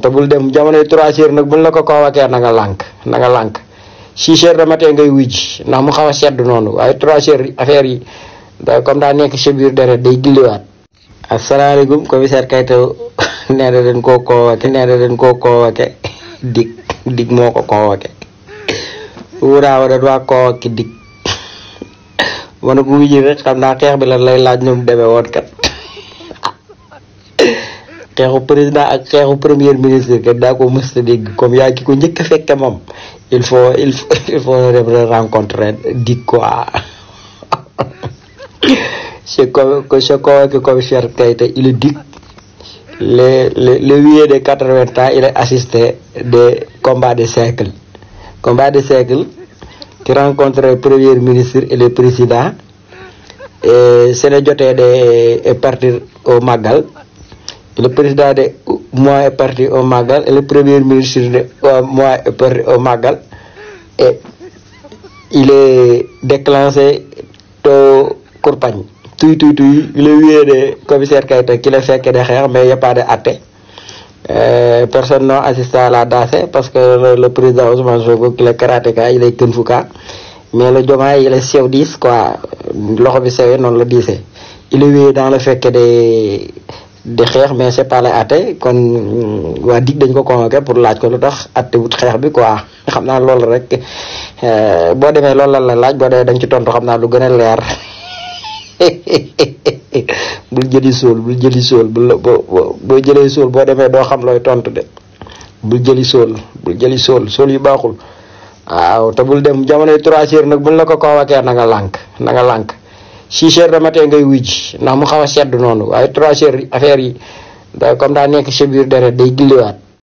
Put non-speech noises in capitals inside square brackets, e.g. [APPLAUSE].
te bul dem jamonoy trois heures nag buñ la ko convoquer na nga na nga lànk six heures ngay wujj ndax mu xaw a sedd noonu waaye trois heures affaire yi da comme daa nekk ci deret day gilliwaat asalaamaaleykum commissaire Kayta [LAUGHS] nee na den koo convoqué nee na den koo convoqué [LAUGHS] dig dig moo ko convoqué wuraawa dan waa convoqué dig [COUGHS] mana ko wujjee rek xam naa xeex bi lay laaj ñoom demee woon kat xeexu président ak xeexu premier ministre kenn daa ko a comme ya ki ko njëkk a il faut il faut [LAUGHS] il faut rencontrer di quoi [LAUGHS] c'est comme c'est convaincu comme Cheikh Keïta il dit le le le de 80 ans il a assisté des combats de siècle combat de siècle qui rencontre le premier ministre et le président et seen jotee de partir au Magal le président de moi est parti au Magal et le premier ministre de euh, moi est parti au Magal et il est déclenché au Courpagne. Tout, tout, tout, le huier qui commissaire Kaita qui l'a fait que derrière, mais il n'y a pas de athée. Euh, personne n'a assisté à la danse parce que le, président Ousmane Jogo, qui est karatéka, il est kunfuka. Mais le demain, il est chef 10, quoi. L'Europe, non le disait. Il est dans le fait que des di xeex mais c'est pas kon waa dig dañ ko convoqué pour laaj ko lu tax atte but xeex bi quoi xam naa loolu rek euh, boo demee loolu la la laaj boo demee dañ ci tontu xam naa lu gën a leer [LAUGHS] bul jëli sol bul jëli sóol bul boo jëlee sóol boo demee doo xam looy tontu de bul jëli sóol bul jëli sóol sóol yu baaxul waaw te bul dem jamonoy trois heures nag buñ la ko convoqué na nga lànk na nga lànk six heures de matin ngay wuy ci ndax mu xaw a sedd noonu waaye trois heures affaire yi comme daa nekk sa biir deret day gilliwaat